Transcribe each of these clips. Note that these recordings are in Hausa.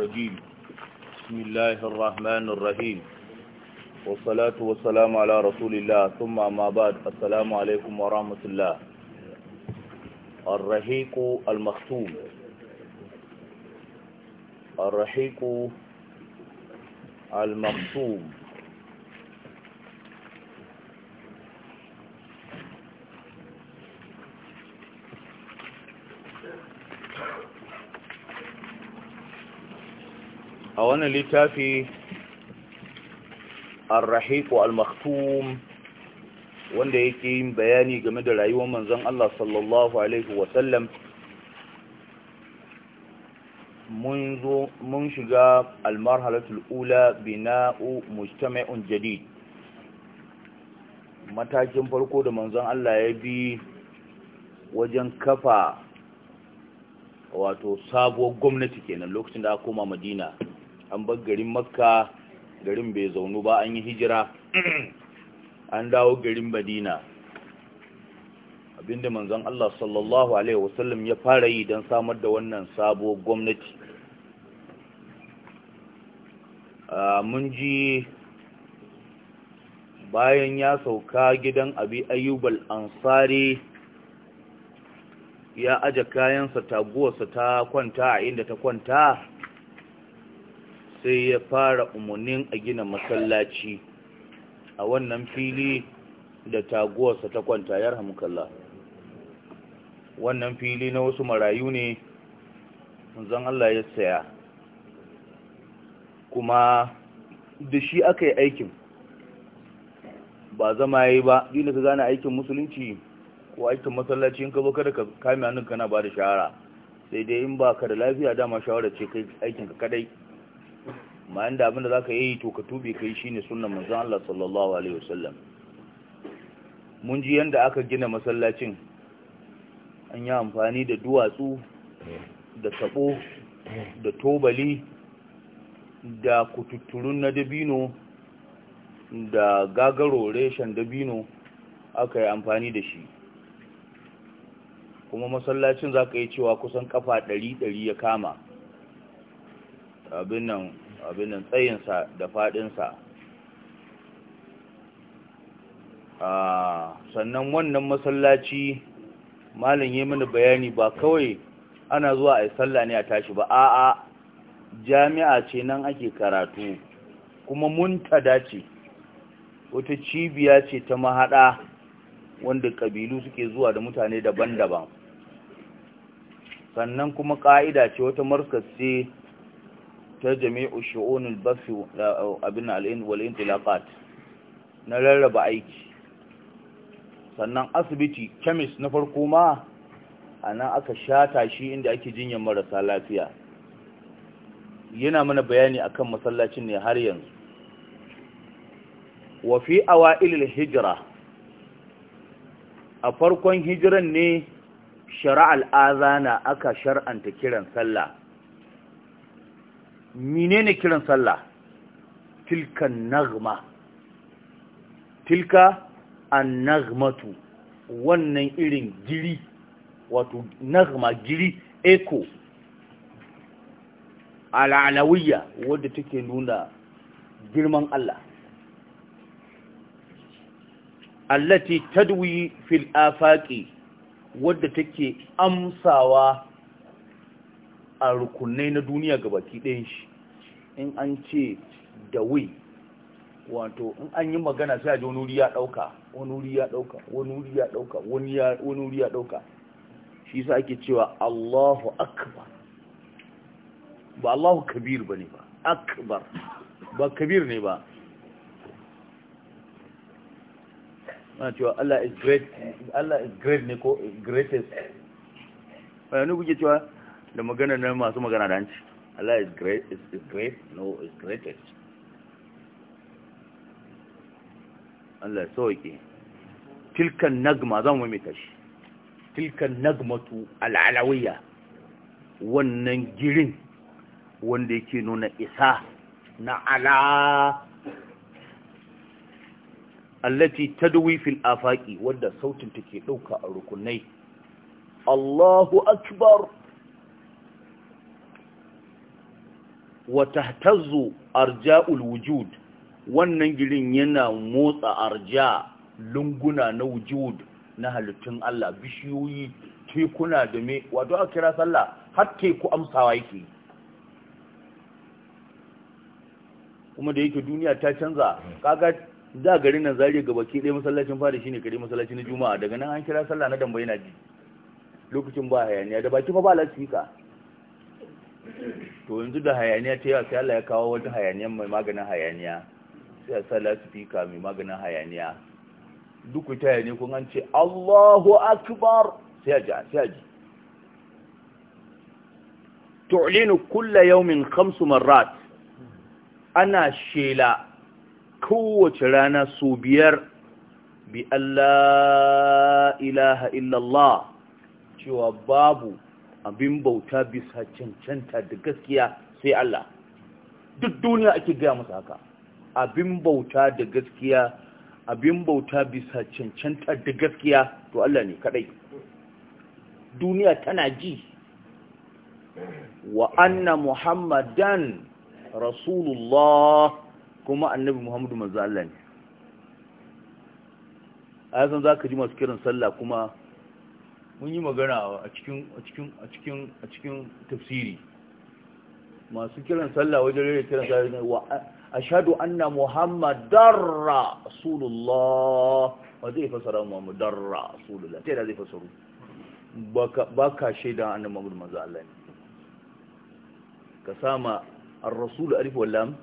الرجيم بسم الله الرحمن الرحيم والصلاة والسلام على رسول الله ثم ما بعد السلام عليكم ورحمة الله الرحيق المختوم الرحيق المختوم a wannan littafi arrahiku al-maktum wanda yake yin bayani game da rayuwar manzon Allah sallallahu alaihi wasallam mun mun shiga al-marhalatul ula bina'u mujtama'un jadid matakin farko da manzon Allah ya bi wajen kafa wato sabuwar gwamnati kenan lokacin da aka koma Madina an bar garin makka garin bai zaunu ba an yi hijira an dawo garin madina abinda manzon Allah sallallahu alaihi wasallam ya fara yi don samar da wannan sabo gwamnati mun ji bayan ya sauka gidan abi ayyubal ansari ya aje kayansa taguwarsa ta kwanta a inda ta kwanta sai ya fara umarnin a gina masallaci a wannan fili da taguwarsa ta kwanta ya rahamukalla wannan fili na wasu marayu ne zan Allah ya saya kuma da shi aka yi aikin ba zama ya yi ba dina ka gane aikin musulunci ko aikin masallaci in ka zo kada ka kame hannun kana ba da shahara sai dai in ba ka da lafiya dama shawarar ce kai aikinka kadai ma inda abinda za ka yi to ka tube kai shi ne sunan manzan Allah sallallahu Alaihi wasallam mun ji yadda aka gina masallacin an yi amfani da duwatsu da tabo da tobali da kututturun na dabino da gagaro reshen dabino aka yi amfani da shi kuma masallacin za ka yi cewa kusan kafa ɗari-ɗari ya kama abin nan abinin tsayinsa da faɗinsa sannan wannan masallaci malin yi mini bayani ba kawai ana zuwa a yi sallah ne a tashi ba a'a jami'a ce nan ake karatu kuma muntada dace. wata cibiya ce ta mahaɗa wanda ƙabilu suke zuwa da mutane daban-daban sannan kuma ƙa'ida ce wata markas ce ta jami'u shu'unul bafi abin al'in wal intilaqat na rarraba aiki sannan asibiti chemist na farko ma nan aka shata shi inda ake jinyar marasa lafiya yana mana bayani akan masallacin ne har yanzu wa fi awailil hijira. a farkon hijiran ne shara'al azana aka shar'anta kiran sallah menene kiran sallah tilka nagma tilka annagmatu wannan irin giri wato nagma giri echo al'alawiyya wadda take nuna girman Allah allati tadwi fil afaqi wadda take amsawa a rukunai na duniya baki ɗayan shi in an ce da wai wato in an yi magana sai a ji wani ya ɗauka wani ya ɗauka wani ya ɗauka wani wuri ya ɗauka shi sa ake cewa Allahu akbar ba Allahu kabir bane ba akbar ba kabir ne ba ana cewa Allah is great Allah is great ne ko greatest bayanu kuke cewa da magana na masu magana da hanci Allah is great is, is great no is greatest Allah so sauke tilkan nagma zan mai shi. tilkan nagmatu al'alawiyya wannan girin wanda yake nuna isa na ala allati tadwi fil afaqi wadda sautin take dauka a rukunai Allahu akbar wa tahtazzu arja'ul wujud wannan girin yana motsa arja lunguna na wujud na halittun Allah bishiyoyi tekuna da me wato a kira sallah har teku amsawa yake kuma da yake duniya ta canza kaga da garin nan zariya ga baki ɗaya masallacin fara shine kare masallacin na juma'a daga nan an kira sallah na damba yana ji lokacin ba hayaniya da baki fa ba lasfika to yanzu da hayaniya ta yawa sai Allah ya kawo wata hayaniya mai maganin hayaniya sai ya sa lasifika mai maganin hayaniya duk ku ta ne kun an ce Allahu akbar sai ji sai ji tu'linu kulla yawmin khamsu marrat ana shela kowace rana su biyar bi Allah ilaha illallah cewa babu abin bauta bisa cancanta da gaskiya sai Allah duk duniya ake gaya masa haka abin bauta da gaskiya abin bauta bisa cancanta da gaskiya to Allah ne kadai duniya tana ji wa anna muhammadan rasulullah kuma annabi muhammadu manzo Allah ne a yanzu zaka ji masu kiran sallah kuma mun yi magana a cikin tafsiri masu kiran sallah wajen rere kiran sallah ne wa ashhadu anna muhammad darra sulullah zai fasara muhammadar rasulullah sai da zai fasaru ba shaida annabi muhammad manzo Allah ne ka sama an rasul alif wal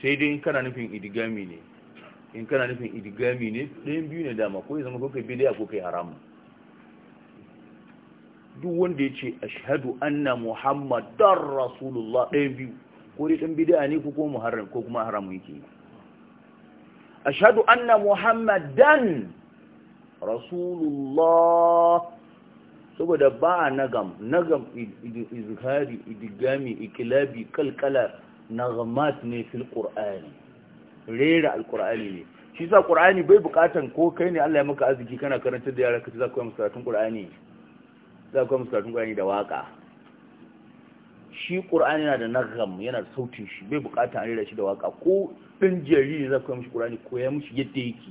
sai dai kana nufin idigami ne in kana nufin idigami ne ɗayan biyu ne dama ko ya zama kai bidiya ko kai haramun duk wanda ya ce ashhadu anna muhammadar rasulullah ɗayan biyu ko dai ɗan bidiya ne ko kuma muharram ko kuma haramun yake ashhadu anna muhammadan rasulullah saboda ba a nagam nagam izhari idigami ikilabi kalkalar nagamat ne fil qur'ani rera alkur'ani ne shi sa qur'ani bai bukatan ko kai ne Allah ya maka arziki kana karantar da yara ka za ku yi musatun qur'ani za ku yi qur'ani da waka shi qur'ani yana da nagham yana da sautin shi bai bukatan a rera shi da waka ko din jariri za ku yi mishi qur'ani ko ya mishi yadda yake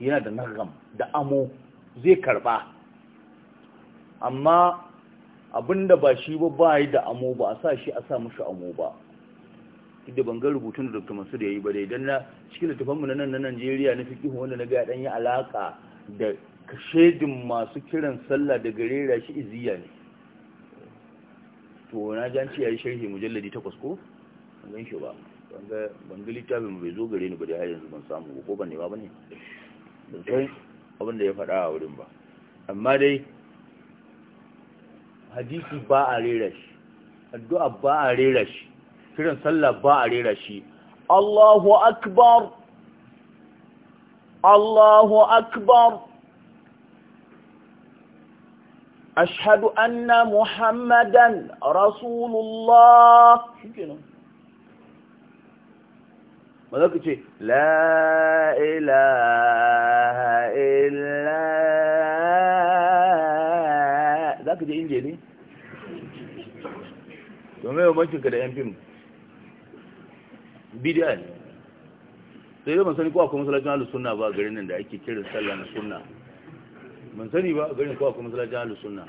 yana da nagham da amo zai karba amma abinda ba shi ba ba yi da amo ba a sa shi a sa mishi amo ba duk da bangar rubutun da dr mansur ya yi ba dai don na cikin littafanmu na nan na najeriya na fikihu wanda na ga dan yi alaka da kashedin masu kiran sallah da gare shi iziya ne to na jan ce ya yi sharhi mujalladi takwas ko ban shi ba ban ga littafin bai zo gare ni ba da yanzu ban samu ko ban ne ba ne ban san abin da ya faɗa a wurin ba amma dai hadisi ba a rera shi addu'a ba a rera shi kiran sallah ba a rera shi Allahu akbar Allahu akbar ashhadu anna muhammadan rasulullah shikenan ba ka ce la ilaha illa za ka je inje ne domin yawancinka da yan fim bid'a ne sai dai ban sani ko akwai masallacin ahlus sunna ba garin nan da ake kiran sallah na sunna ban sani ba garin ko akwai masallacin ahlus sunna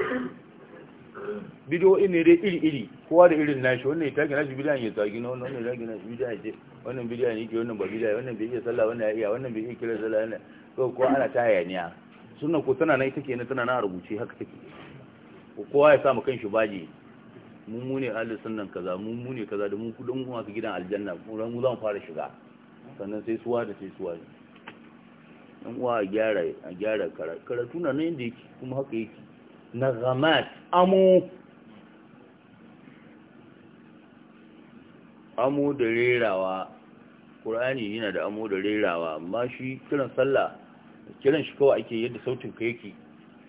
bid'o'i ne dai iri iri kowa da irin nashi wannan ya taki nashi bid'a ya taki na wannan wannan ya taki nashi bid'a ce wannan bid'a ne ke wannan ba bid'a wannan bai iya sallah wannan ya iya wannan bai iya kiran sallah wannan ko ko ana ta hayaniya sunna ko tana nan ita kenan tana na rubuce haka take kowa ya sa kan kanshi baji mun mune ahli sunnan kaza mun mune kaza da mun kudin kuma ka gidan aljanna mun mu zan fara shiga sannan sai suwa da sai suwa dan uwa a gyara a gyara karatu na nan da yake kuma haka yake ghamat amu amu da rerawa Qur'ani yana da amu da rerawa amma shi kiran sallah kiran shi kawai ake yadda sautin ka yake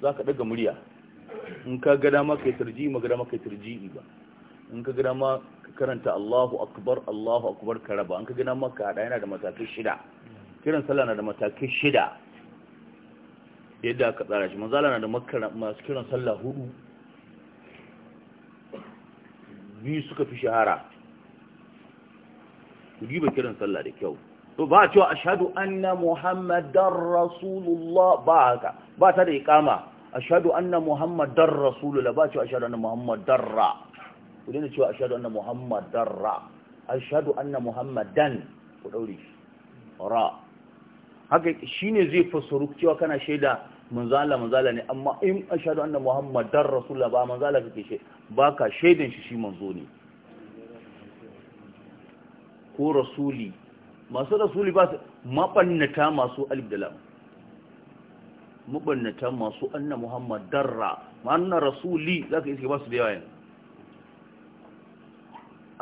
zaka daga murya in ka ga dama kai tarji ma ga dama kai tarji'i ba in ka ga dama ka karanta Allahu akbar Allahu akbar ka raba in ka ga dama ka hada yana da matakai shida kiran sallah na da matakai shida yadda aka tsara shi manzala na da masu kiran sallah hudu biyu suka fi shahara ku diba kiran sallah da kyau to ba a cewa ashhadu anna muhammadar rasulullah ba haka ba ta da ikama ashadu anna muhammadar rasulullah ba ce ashadu anna muhammadar ra ku dina cewa ashadu anna muhammadar ra ashadu anna muhammadan ku daure ra haka shine zai fasaru cewa kana shaida manzala manzala ne amma in ashadu anna muhammadar rasulullah ba manzala kake she baka shaidan shi shi manzo ne ko rasuli masu rasuli ba su mabannata masu alif da lamu. mubannatan masu anna muhammad darra ma'anna rasuli za ka iske ba su da yawa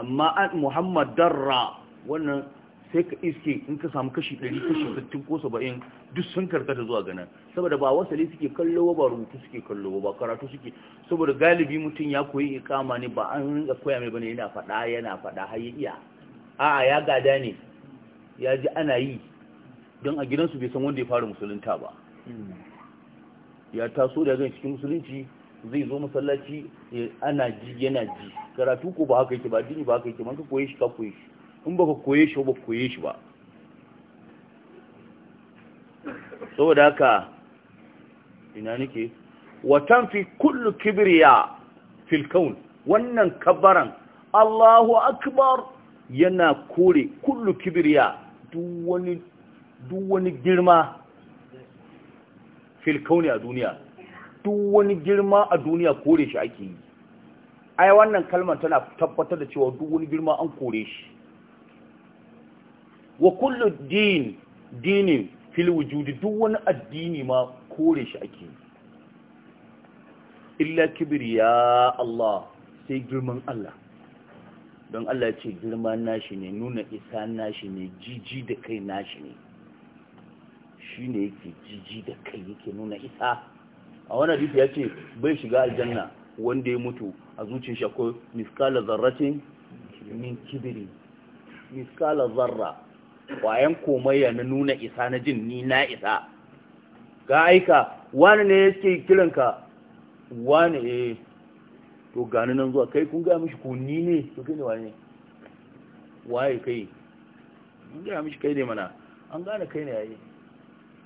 amma an muhammad darra wannan sai ka iske in ka samu kashi 100 kashi 60 ko 70 duk sun karkata zuwa ganin saboda ba wasali suke kallo ba rubutu suke kallo ba karatu suke saboda galibi mutum ya koyi ikama ne ba an rinka koya mai bane yana fada yana fada har ya iya a'a ya gada ne ya ji ana yi don a gidansu bai san wanda ya fara musulunta ba hmm. ya taso daga cikin musulunci zai zo masallaci ana ji yana ji karatu ko ba haka yake ba dini ba haka yake man ka koye shi ka koye shi in baka koye shi ba koye shi ba saboda haka ina nake watan fi kullu kibriya fil kaun wannan kabaran Allahu akbar yana kore kullu kibriya duk wani duk wani girma fil kauni a duniya duk wani girma a duniya kore shi ake yi ai wannan kalmar tana tabbatar da cewa duk wani girma an kore shi wa kullu din dinin fil wujudi duk wani addini ma kore shi ake yi illa kibriya Allah sai girman Allah don Allah ya ce girma nashi ne nuna isa nashi ne jiji da kai nashi ne shi ne yake jiji da kai yake nuna isa a wani hadisi ya ce bai shiga aljanna wanda ya mutu a zuciyar shi akwai miskala zarratin min kibiri miskala zarra kwayan komaiya na nuna isa na jin ni na isa ga aika wani ne yake kiranka wani eh to gani nan zuwa kai kun gaya mishi ko ni ne to kai ne wani ne waye kai mun gaya mishi kai ne mana an gane kai ne yayi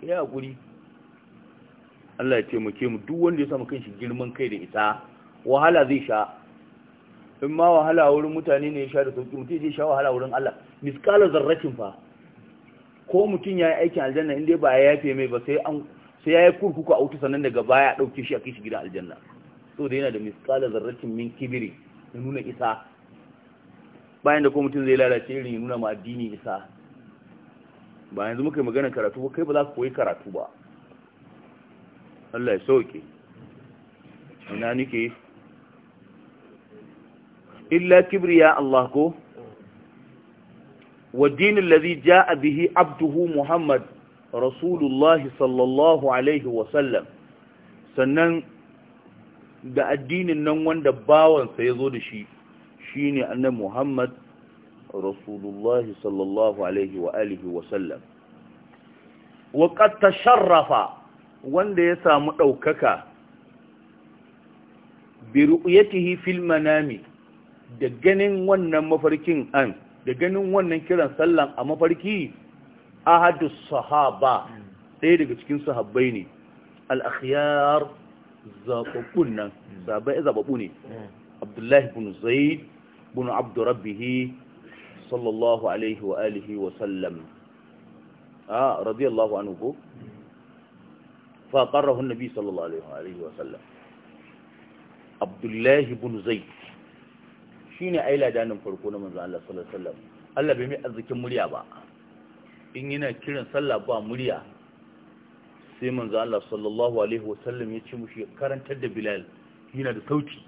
ya guri Allah ya taimake mu duk wanda ya samu kanshi girman kai da ita wahala zai sha in ma wahala wurin mutane ne ya sha da sauki mutum zai sha wahala wurin Allah miskalar zarracin fa ko mutum ya yi aikin aljanna in dai ba ya yafe mai ba sai an sai ya yi kurkuku a wuta sannan daga baya ɗauke shi a kai shi gidan aljanna so da yana da miskalar zarracin min kibiri ya nuna isa bayan da ko mutum zai lalace irin ya nuna ma addini isa ba yanzu muka yi maganar karatu ba kai ba za ku koyi karatu ba Allah ya sauke ina nike illa kibriya Allah ko والدين الذي جاء به bihi abduhu Muhammad Rasulullah sallallahu alaihi عليه وسلم sannan da addinin nan wanda bawansa ya zo da shi shi ne annan Muhammad رسول الله صلى الله عليه وآله وسلم وقد تشرف wanda ya samu ɗaukaka bi ru'yatihi fil manami da ganin wannan mafarkin an da ganin wannan kiran sallan a mafarki ahadu sahaba ɗaya daga cikin sahabbai ne al-akhyar nan zabai ne hmm. abdullahi ibn zaid ibn sallallahu alaihi wa alihi wa sallam ah radiyallahu anhu ko fa qarrahu an-nabi sallallahu alaihi wa sallam abdullah ibn shine farko na manzo Allah sallallahu alaihi wa sallam Allah bai mai azzikin murya ba in yana kiran sallah ba murya sai manzo Allah sallallahu alaihi wa sallam ya ce mushi karantar da Bilal yana da sauki.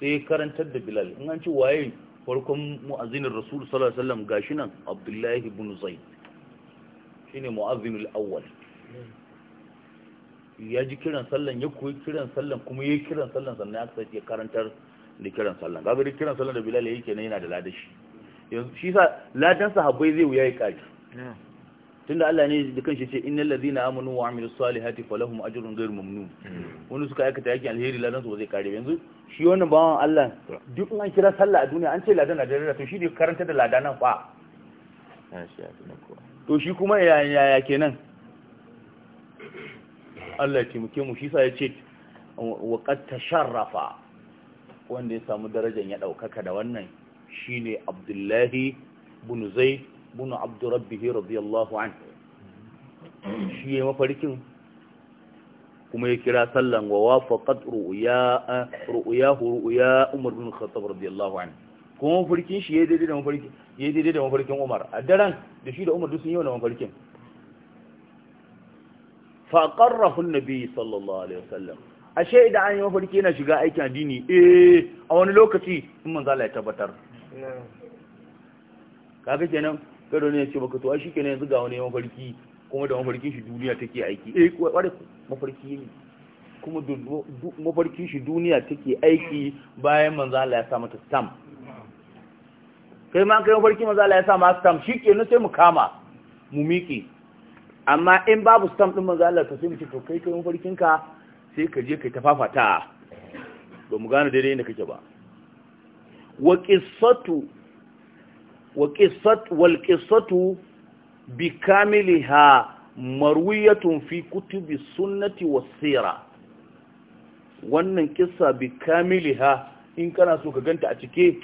sai karantar da bilal in an ci waye farkon mu'azinin rasul sallallahu alaihi wasallam gashi nan abdullahi ibn zaid shine mu'azzinul awwal ya ji kiran sallan ya koyi kiran sallan kuma ya kiran sallan sannan aka ya karantar da kiran sallan kaga da kiran sallan da bilal yake ne yana da ladashi yanzu shi sa ladan sahabbai zai wuya ya kaji tunda Allah ne da kanshi ce innal ladina amanu wa amilus salihati falahum ajrun ghayr mamnun hmm. wani suka aikata yakin alheri ladan su zai kare yanzu shi wannan bawan Allah duk an kira sallah a duniya an ce ladan na dare to shi ne karanta da ladanan fa ah, to shi kuma yaya kenan Allah ki muke mu shi sa ya ce wa qad tasharrafa wanda ya samu darajar ya daukaka da wannan shine Abdullahi bin Zaid bunu abdu rabbihi radiyallahu an shi ya mafarkin kuma ya kira sallan wa wafaqat ru'ya ru'yahu ru'ya umar bin khattab radiyallahu an kuma mafarkin shi ya daidai da mafarkin ya daidai da mafarkin umar a daren da shi da umar duk sun yi wannan mafarkin fa qarrahu an-nabi sallallahu alaihi wasallam ashe idan an yi mafarki yana shiga aikin addini eh a wani lokaci in manzo Allah ya tabbatar kaga kenan kada ne ya ce baka to shi kenan yanzu ga wani mafarki kuma da mafarkin shi duniya take aiki eh kware eh, mafarki ne kuma mafarkin shi duniya take aiki bayan manzo Allah ya sa mata stamp kai ma kai mafarki manzo Allah ya sa mata stamp kenan sai mu kama mu miƙe amma in babu stamp din manzo Allah ta sai mu ce to kai kai mafarkin ka sai ka je kai tafafata ba mu gane daidai inda kake ba wa qissatu walƙisatu bi kamiliha marwiyatun fi kutubi sunnati wannan kissa bi kamiliha in kana so ka ganta a cike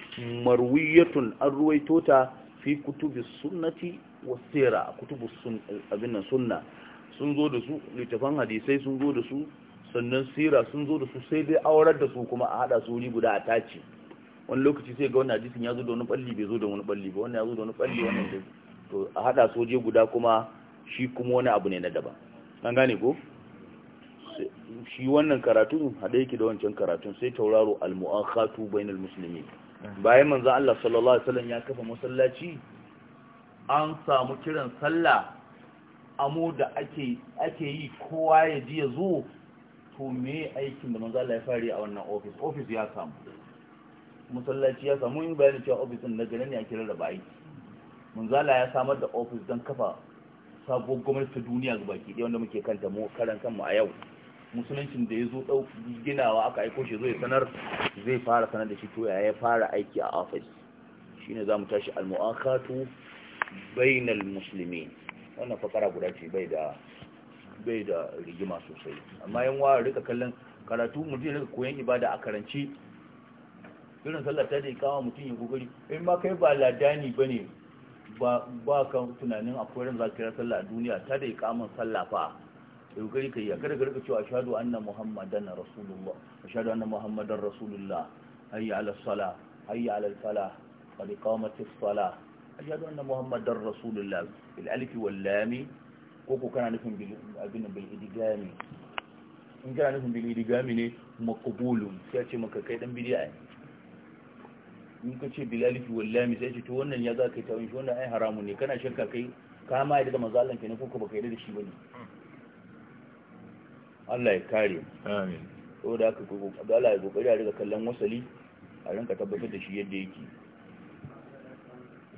marwiyatun an ruwaito ta fi kutubi sunnati wasira kutubu sunna sun zo da su littafan hadisai sun zo da su sannan sira sun zo da su sai dai aurar da su kuma a hada su wuri guda a tace wani lokaci sai ga wannan hadisin ya zo da wani balli bai zo da wani balli ba wannan ya zo da wani balli wannan da to a hada soje guda kuma shi kuma wani abu ne na daban an gane ko shi wannan karatu hada yake da wancan karatun sai tauraro al-mu'akhatu bainal muslimin bayan manzo Allah sallallahu alaihi wasallam ya kafa masallaci an samu kiran sallah amo da ake ake yi kowa ya ji ya zo to me aikin da manzo Allah ya fari a wannan office office ya samu masallaci ya samu yin bayani cewa ofis din na ganin ne a kira da bai munzala ya samar da ofis don kafa sabuwar gwamnati ta duniya ga baki ɗaya wanda muke kanta mu karan kanmu a yau musuluncin da ya zo ɗau ginawa aka aiko shi zai sanar zai fara sanar da shi to ya fara aiki a ofis shine za mu tashi al-mu'akatu bainal muslimin wannan fakara guda ce bai da bai da rigima sosai amma yan wa rika kallon karatu mu je rika koyon ibada a karanci irin sallah ta da kama mutum ya kokari in ma kai ba ladani bane ba ba ka tunanin akwai ran za ka kira sallah duniya ta da ikaman sallah fa kokari kai ya kada ka rika cewa ashhadu anna muhammadan rasulullah ashhadu anna muhammadan rasulullah hayya ala salah hayya ala falah qad iqamatis salah ashhadu anna muhammadan rasulullah bil alif wal ko ko kana nufin abin bil idigami in kana nufin bil idigami ne maqbulun sai ce maka kai ɗan bid'a ne in ka ce bilalifi wallami sai ce to wannan ya za ka yi wani shi wannan ai haramun ne kana shakka kai ka ma yadda da manzo Allah ne ko ka baka yadda da shi bane Allah ya kare amin saboda haka ko Allah ya kokari a riga kallon wasali a ranka tabbatar da shi yadda yake